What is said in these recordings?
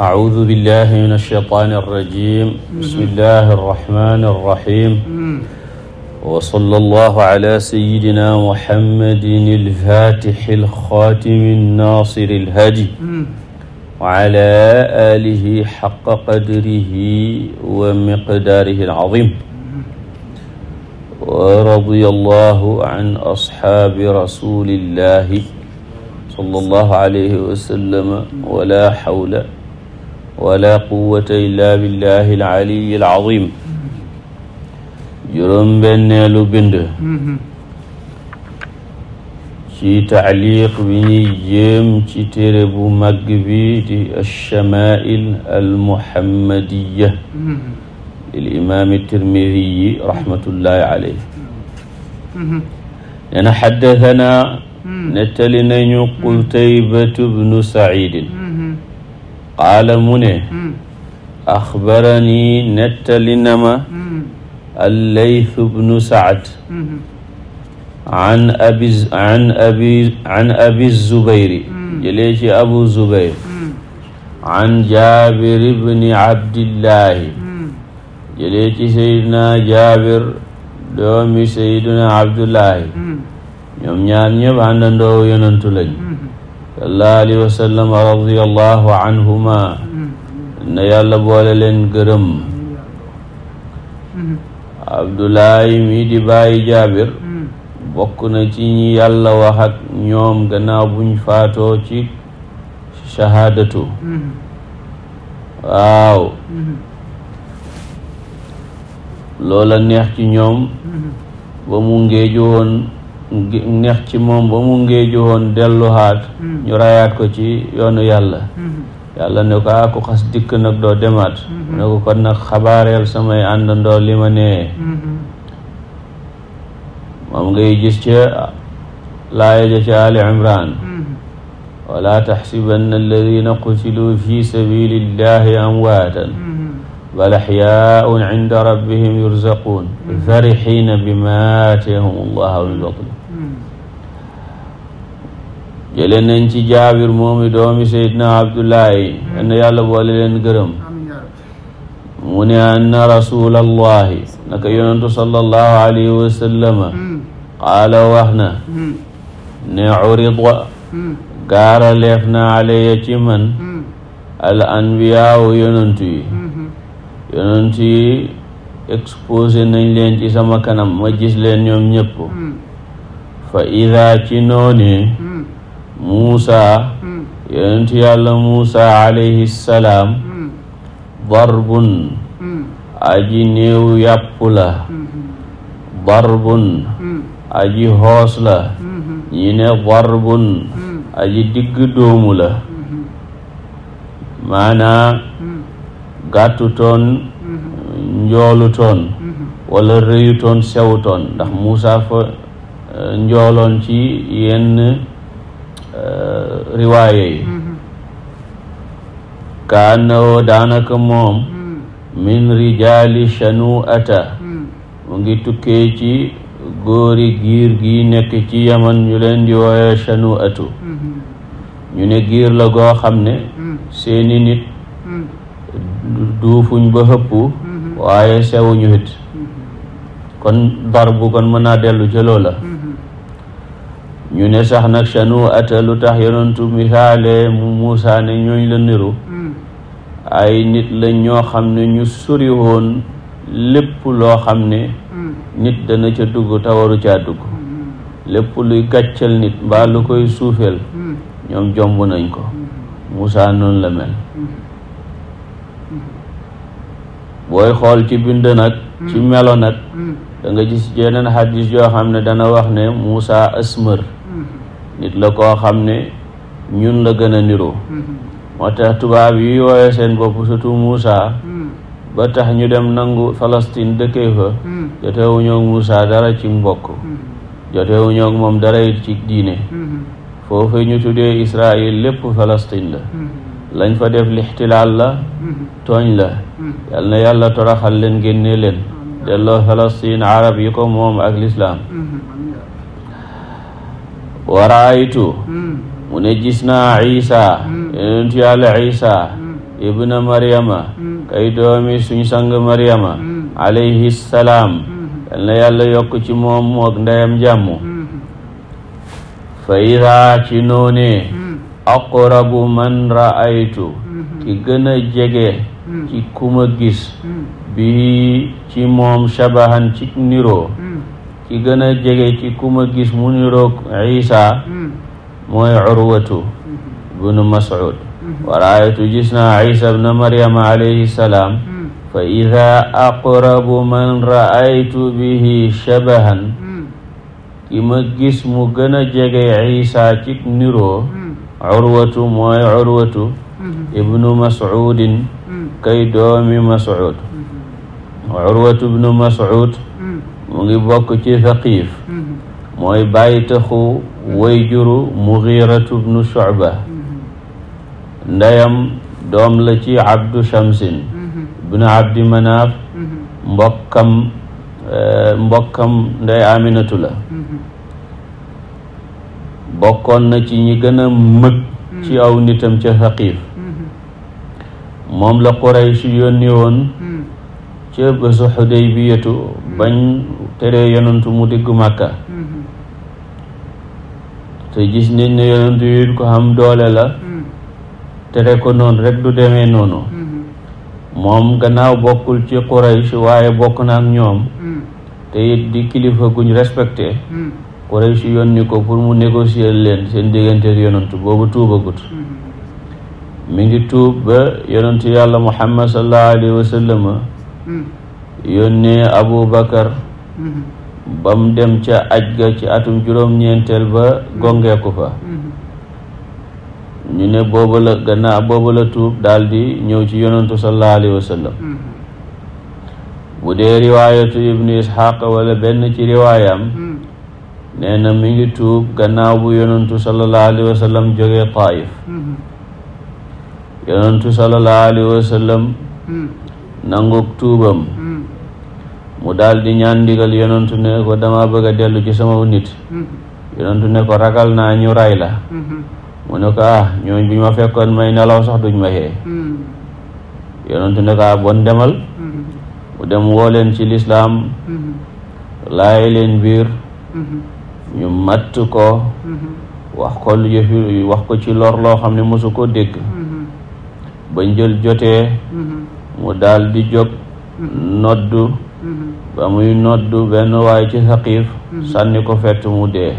أعوذ بالله من الشيطان الرجيم بسم الله الرحمن الرحيم وصلى الله على سيدنا محمد الفاتح الخاتم الناصر الهادي وعلى آله حق قدره ومقداره العظيم ورضي الله عن أصحاب رسول الله صلى الله عليه وسلم ولا حول wala quwwata illa billahi alaliyi alazim juróom benneelu bind ci taaliq bi ñuy jéem ci téere bu mag bi di alchama'il almuhammadiya lil imaami tirmidiyi rahmatullahi alayh nee na xaddatanaa nettali nañu qutaybatu bnu saidin qaala mu ne mm. axbarani nettali na ma mm. allayth bnu saad mm-hmm. an abi an abi an abi zubayri mm. jëlee ci abu zubayr an jaabir ibni abdillahi jëlee ci seydina jaabir doomi seydina abdullahi ñoom ñaar ñëpp àndandoo yonantu lañ sallallahu alayhi wa sallam radiyallahu anhuma na yàlla boole leen gërëm abdullahi mi di bàyyi jaabir bokk na ci ñi yàlla wax ak ñoom gannaaw buñ faatoo ci shahaadatu waaw loola neex ci ñoom ba mu ngeeju woon neex ci moom ba mu ngéeju woon delluwaat hmm. ñu rayaat ko ci yoonu yàlla hmm. yàlla ne ko ah ku xas dikk nag doo demaat hmm. ne ko kon nag xabaareel samay àndandoo li ma nee moom ngay gis ca laaya ja ca ali imran wala taxsibanna alladina qutiluu fi sabilillahi amwaatan bal axyaaun inda rabbihim yurzaquun farixiina bima aatahum allahu min fadli jële nañ ci jaabir moomi doomi seydna abdullahi ann yàlla boole leen gërëm mu ne anna rasulallahi naka yonentu sallallahu alayhi wa sallama qaala wax na ne urida gaara leef na alayya ci man al anbiyaawu yonentu yi yonentu yi nañ leen ci sama kanam ma gis leen ñoom ñëpp fa ida ci noonee muusa hmm. yonent yàlla muusa alayhi salaam barbun hmm. hmm. aji néew yàpp la barbun aji hoos la ñi ne barbun aji digg doomu la maanaa gàttutoon njoolutoon wala rëyutoon sewutoon ndax Muusa fa eh, njooloon ci yenn riwaaya yi ka daanaka moom min rijaali ata mu ngi tukkee ci góori giir gi nekk ci yaman ñu leen di wooye atu ñu ne giir la goo xam ne seeni nit duufuñ ba xëpp waaye sewuñu it kon dar bu kon mën naa dellu ca la ñu ne sax nag chanu ata lu tax tu misaale mu Muusaa ne ñooñ la niru mm. ay nit lañ ñoo xam ne ñu sori woon lépp loo xam ne mm. nit dana ca dugg tawaru caa dugg mm. lépp luy gàccal nit mbaa lu koy suufeel ñoom jomb nañ ko Muusaa noonu la mel booy xool ci bind nag ci melo nag danga nga gis yeneen xadis yoo xam ne dana wax ne Muusaa asmër nit la koo xam ne ñun la gën a niroo mm-hmm. moo tax tubaab yi wooye seen bopp surtout muusa mm. ba tax ñu dem nangu Palestine dëkkee fa mm. jotewuñoo Moussa dara ci mbokk mm. jotewuñoo moom dara it ci diine mm-hmm. foofu ñu tuddee Israël lépp Palestine la mm-hmm. lañ fa def lixtilaal la tooñ la yal na yàlla toraxal leen génne leen delloo Palestine arab yi ko moom ak lislaam waraaytu hmm. mu ne gis naa Isa yonentu hmm. yàlla Isa hmm. ibna Maryama kay doomi suñ sang Maryama alayhi salaam yal na yàlla yokk ci moom moog ndeyam jàmm fa ci noonee aqrabu man raaytu ki gën jege ci kuma gis bi ci moom shabahan ci niroo ki gën a jege ci ku ma gis mu niroog Isa hmm. mooy urwatu bunu mas'ud hmm. wa raaytu gis naa Isa bna Maryama alayhi salaam hmm. fa ida aqrabu man raaytu bihi shabahan ki ma gis mu gën a jege Isa ci niroo urwatu mooy urwatu ibnu mas'udin kay doomi mas'ud urwatu ibnu mas'ud mu ngi bokk ci faqiif mm-hmm. mooy bàyyi taxu way juru mugiiratu bnu shucba mm-hmm. ndeyam doom la ci abdu shamsin mm-hmm. bnu abdi manaaf mbokkam eh, mbokkam ndey aminatu la bokkoon na ci ñi gën a mëg ci aw nitam ca faqiif moom la quraysh yónni woon ca bésu Xudaybiyatu bañ teree yonantu mu diggu màkka te gis na ne yonantu yi ko xam doole la tere ko noonu rek du demee noonu moom gannaaw bokkul ci Quraysh waaye bokk naa ak ñoom te it di kilifa guñ respecté Quraysh yónni ko pour mu négocier leen seen diggante yonantu boobu tuubagut mi ngi tuub ba yonantu yàlla Muhammad sallallahu alayhi wa Mm-hmm. yónnee abu ba mu dem ca aj ga ci atum juróom-ñeenteel ba mm-hmm. gongeeku fa mm-hmm. ñu ne booba la gannaaw booba la tuub daldi ñëw ci yonantu sallallahu alayhi wa sallam bu dee riwaayatu ibnu isxaq wala benn ci riwaayam nee na ngi tuub gannaaw bu yonantu sallallahu alayhi wa sallam jógee taif yonantu nanguk tuubam hmm. mu daldi di ñaan ndigal yonentu ne ko dama bëgg a dellu ci sama nit hmm. yonentu ne ko ragal naa ñu ray la hmm. mu ne ko ah ñooñ bu ma fekkoon may nelaw sax duñ ma xee yonentu ne ko ah bon demal mu dem woo leen ci lislaam laay leen biir ñu matt ko wax ko lu jëfi wax ko ci lor loo xam ne mësu koo dégg ba njël jotee mu daldi jog jóg mm-hmm. noddu mm-hmm. ba muy noddu benn waay ci saqiif mm-hmm. sànni ko fett mu dee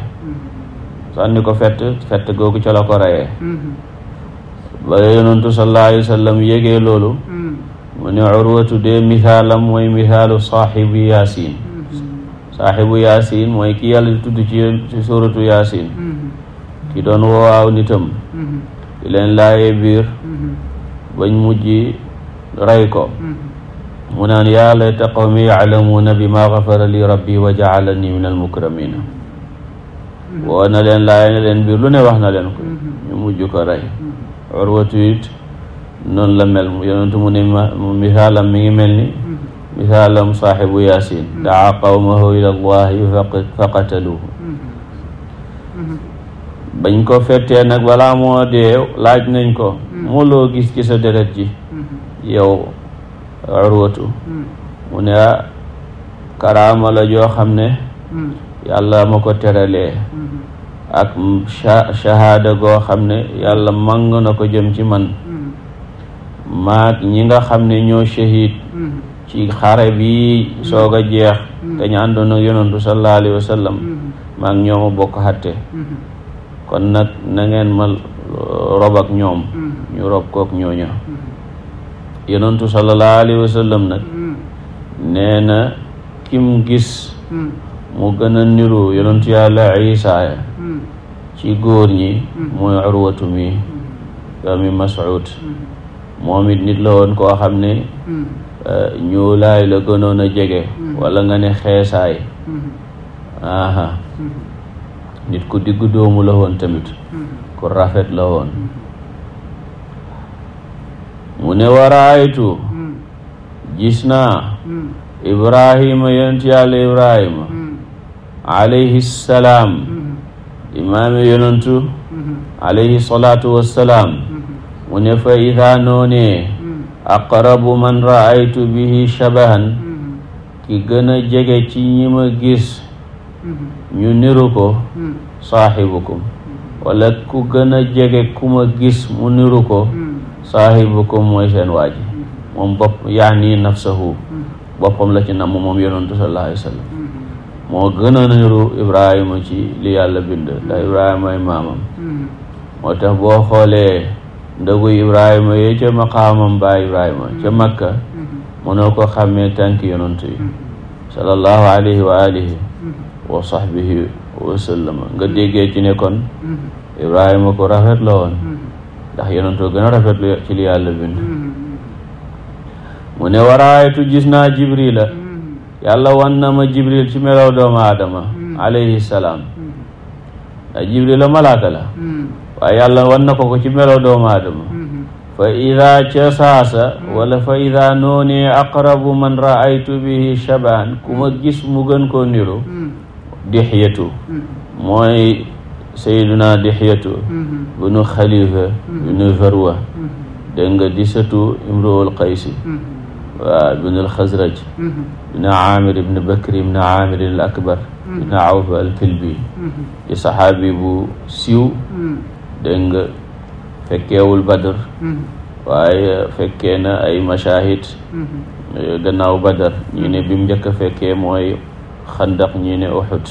sànni ko fett fett googu ca ko reyee ba yonentu sallallahu sallam yégee loolu mu ne urwatu dee misaalam mooy misaalu saaxibu yaasin saaxibu yaasin mooy ki yàlla di tudd ci ci suratu ki doon woowaaw nitam di laayee biir bañ mujj rey ko mm-hmm. mu naan yaa layta qawmi yaclamuuna bi ma xafara li rabbi wa jacalani min almukramina mm-hmm. woo na leen laay na leen biir lu ne wax na leen ko mm-hmm. ñu mujj ko rey urwatu it noonu la mel yonentu mu ne misaalam mi ngi mel ni misaalam saaxibu yaasin daa qawmahu ila allahi fa qataluhu bañ ko fettee nag balaa moo dee laaj nañ ko moo loo gis ci sa deret ji yow urwatu hmm. mu ne karaama la joo xam ne hmm. yàlla ma ko teralee hmm. ak shahaada goo xam ne yàlla màng na ko jëm ci man maag ñi nga xam ne ñoo shahid ci xare bi soog a jeex te ñu àndoon ak yonantu sallallahu alayhi wa sallam maag bokk xatte kon nag nangeen ngeen ma rob ak ñoom ñu rob kook ñooña yonantu sallallahu alayhi wa sallam nag hmm. nee kim gis hmm. mu gën a niru yonantu yàlla Isa hmm. ci góor ñi mooy urwatu mi doomi Mas'ud moom it nit la woon koo xam ne eh, ñuulaay la gënoon a jege walla nga ne xeesaay aha nit ku diggu doomu la woon tamit ku rafet la woon mu ne waraaytu mm. gis naa mm. ibrahima yonent yàlla ibrahima mm. alayhi salaam mm-hmm. imaame yonentu mm-hmm. alayhi salaatu mm-hmm. mu ne fa idaa noonee aqrabu man raaytu bihi shabahan ki gën a jege ci ñi ma gis ñu niru ko saaxibukum wala ku gën jege ku ma gis mu niru ko saahibukum mooy seen waa ji moom bopp yaani nafsahu boppam la ci namm moom yonantu sallallahu alayhi wa sallam moo gën niru ibrahima ci li yàlla bind ndax ibrahima ay maamam moo tax boo xoolee ndogu ibrahima yee ca maqaamam ba ibrahima ca makka mënoo ko xàmmee tànk yonantu yi sallallahu alayhi wa alihi wa sahbihi wa sallama nga déggee ci nekkoon kon ko rafet la woon ndax yonentoo gën a rafet ci li yàlla bind hmm. mu ne waraaytu gis naa jibrila hmm. yàlla wan na ma jibril ci melaw doomu aadama hmm. alayhi salaam jibrila malaaka la yàlla wan na ko ci melaw doomu aadama fa ida ca saasa wala fa ida noonee aqrabu man raaytu bihi shaban ku ma gis mu gën koo niru mooy sayduna dixyatu mm-hmm. bunu xalifa mm-hmm. bunu farwa mm-hmm. dégg nga disatu imroul qaysi waaw ibnu alxazraj ibnu aamir ibnu bakr ibnu aamir al akbar ibnu awf alkilbi di saxaabi bu siiw dégg nga fekkeewul badar waaye fekkee na ay mashahid eh, gannaaw badar ñi ne bimu njëkk a fekkee mooy xandaq ñi ne uxud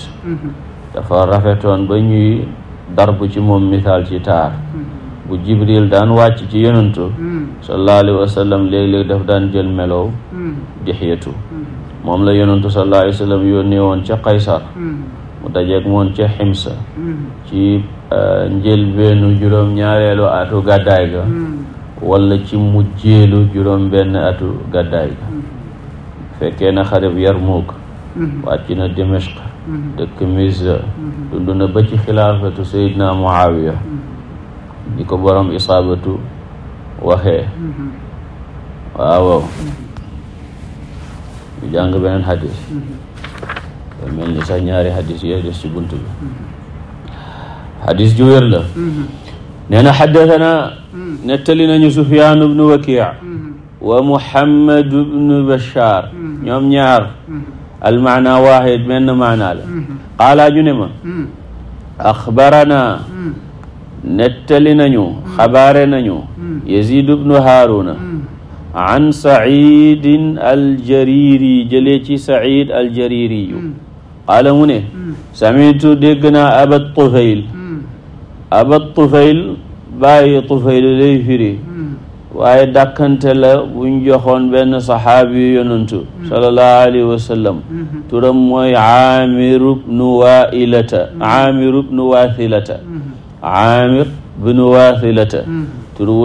dafa rafetoon ba ñuy bu ci moom misaal ci taar bu jibril daan wàcc ci yonantu sallallahu alayhi wa sallam daf daan jël melow dixyatu moom la yonantu sallallahu alayhi wa sallam yónnee woon ca Qaysar mu dajeeg moom ca Ximsa ci euh, njëlbeenu juróom-ñaareelu atu gàddaay ga wala ci mujjeelu juróom-benn atu gàddaay ga fekkee na xareb Yarmuk wàcc na Dimashq Mm-hmm. dëkk misra mm-hmm. dund na ba ci xilaafatu sayidna muawiya di mm-hmm. ko borom isaabatu waxee waaw ñu jàng beneen xadis da mel ni sax ñaari xadis yooyu des ci bunt bi xadis ju wér la nee na xaddatana nettali nañu sufyaan bnu wakiic wa muhammad bnu bashaar ñoom ñaar almaana waaxid menn maanaa la xaalaa ñu ne ma axbarana nettali nañu xabaare nañu yazid ibnu haaruna an saidin aljariri jëlee ci said aljaririyu qaala mu ne samitu dégg naa aba tufayl aba tufayl bàyyi tufayl lay firi waaye dàkkante la buñ joxoon benn saxaabi yonantu sallallahu alayhi wa mm-hmm. turam mooy aamiru bnu waailata aamiru bnu waathilata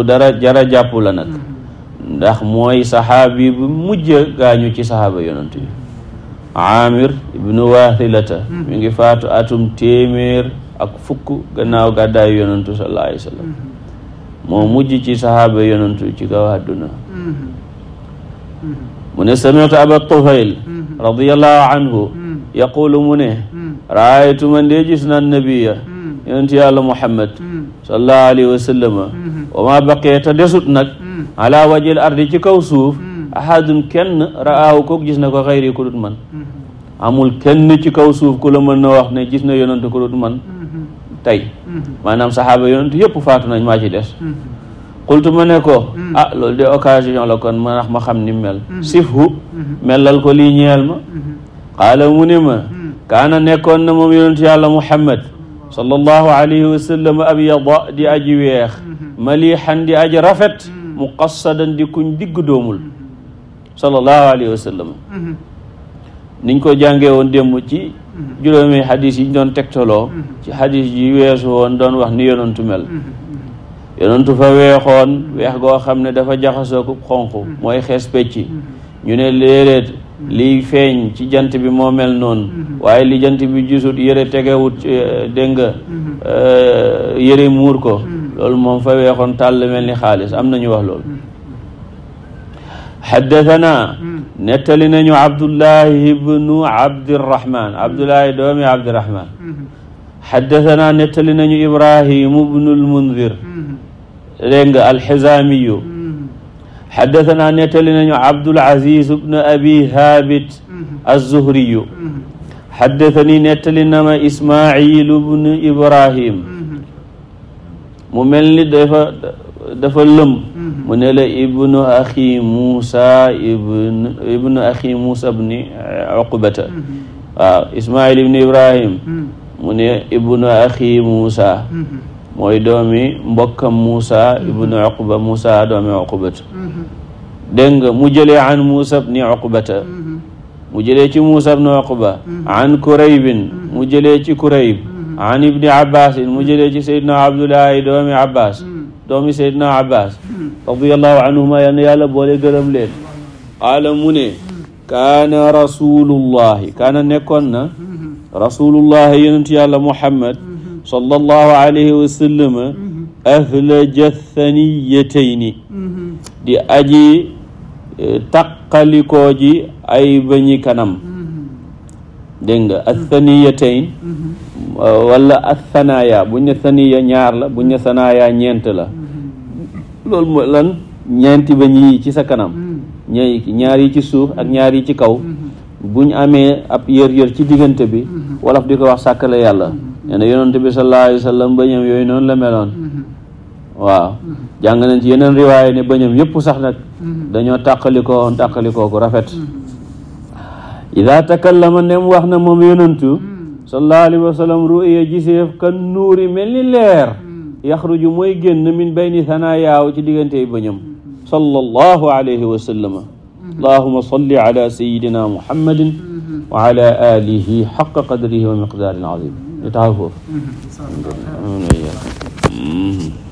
dara jara jàpp la nag mm-hmm. ndax mooy saxaabi bu mujj gaañu ci saxaaba yonantu yi aamir ibnu waathilata mm-hmm. mi ngi faatu atum téeméer ak fukk gannaaw gàddaayu yonantu sallallahu alayhi wa moo mujj ci saxaaba yonantu ci kaw àdduna mu ne samitu aba tuhayl radiallahu anhu yaqulu mu ne raaytu man dee gis na nabiya yonentu yàlla muhammad sallallahu alayhi wa sallama wa ma baqee te desut nag ala wajil ardi ci kaw suuf ahadun kenn raahu ko gis na ko xayri ku dut man amul kenn ci kaw suuf ku la mën na wax ne gis na yonantu ku dut man tey maanaam saxaaba yonent yëpp faatu nañ maa ci des xultu ma ne mm-hmm. ah loolu de occasion la kon ma ma xam ni mel mm-hmm. sifhu mm-hmm. melal ko lii ñeel ma qaala mu ni ma kaana nekkoon na moom mu xam muhammad sallallahu alayhi wa sallam abyada di aji weex maliixan di aji rafet muqassadan di kuñ digg doomul sallallahu alayhi wa sallam niñ ko jàngee woon démb ci juróomi xadis yi ñu doon tegtaloo mm-hmm. ci xadis yi weesu woon doon wax ni yonantu mel mm-hmm. Mm-hmm. yonantu fa weexoon weex goo xam ne dafa jaxasoo ku xonq mooy xees pecc ñu ne léeréet liy feeñ ci jant bi moo mel noonu waaye li jant bi gisut yëre tegewut eh, dégg nga eh, yëre muur ko loolu moom fa weexoon tàll mel ni xaalis am na nañu wax lool xaddatanaa nettali nañu abdullahi ibnu abdirahman abdullahi doomi abdirahman xaddatanaa nettali nañu ibrahimu bnu lmundir dégg nga alxizaamiyu xaddatanaa nettali nañu abdulaziz bnu abi haabit azzuhriyu xaddatani nettali nama ismailu bnu ibrahim mu mel ni dafa dafa lëm Mm-hmm. mu ne la ibnu axi muusa ibn ibnu axi muusa bni eh, uqbata mm-hmm. waaw ismail ibnu ibrahim mm-hmm. mu ne ibnu axi muusa mooy doomi mbokkam muusa ibnu uqba muusa doomi uqbata dégg nga mu jëlee an muusa bni uqbata mu jëlee ci muusa bni uqba an kuraybin mu jëlee ci kurayb an ibni abbasin mu jëlee ci seydna abdullahi doomi abbas doomi seydna abbas radiallahu anhuma yal na yàlla boole gërëm leen qaala mu ne kaana rasulullahi kaana nekkoon na rasulullahi yonent yàlla muhammad sallallahu alayhi wa sallama ahla jathaniyatayni di aji e, taqalikoo ji ay bañi kanam dégg nga athaniyatayn wala athanaya buñ ne thaniya ñaar la buñ ne sanaya ñeent la loolu mooy lan ñeenti bañ yi ci sa kanam hmm. ñooy ñaar yi ci suuf ak ñaar yi ci kaw hmm. bu ñu amee ab yër yër ci diggante bi hmm. wolof di ko wax sàkkale yàlla nee na yonent bi sallallahu alayhi noonu la meloon waaw jàng nañ ci yeneen riwaay ne bëñam yëpp sax nag dañoo tàqalikoo tàqalikoo ku rafet la takallama nem wax na moom yonentu sallallahu alayhi wa sallam ru'ya giseef kan nuuri mel ni leer yaxruju mooy génn min bayni thanayaaw ci diggantey bëñam sallallahu alayhi wa sallama allahuma salli ala sayidina muhammadin wa ala alihi xaqa qadrihi wa miqdaarin azim ñu taxaw foofu mm-hmm.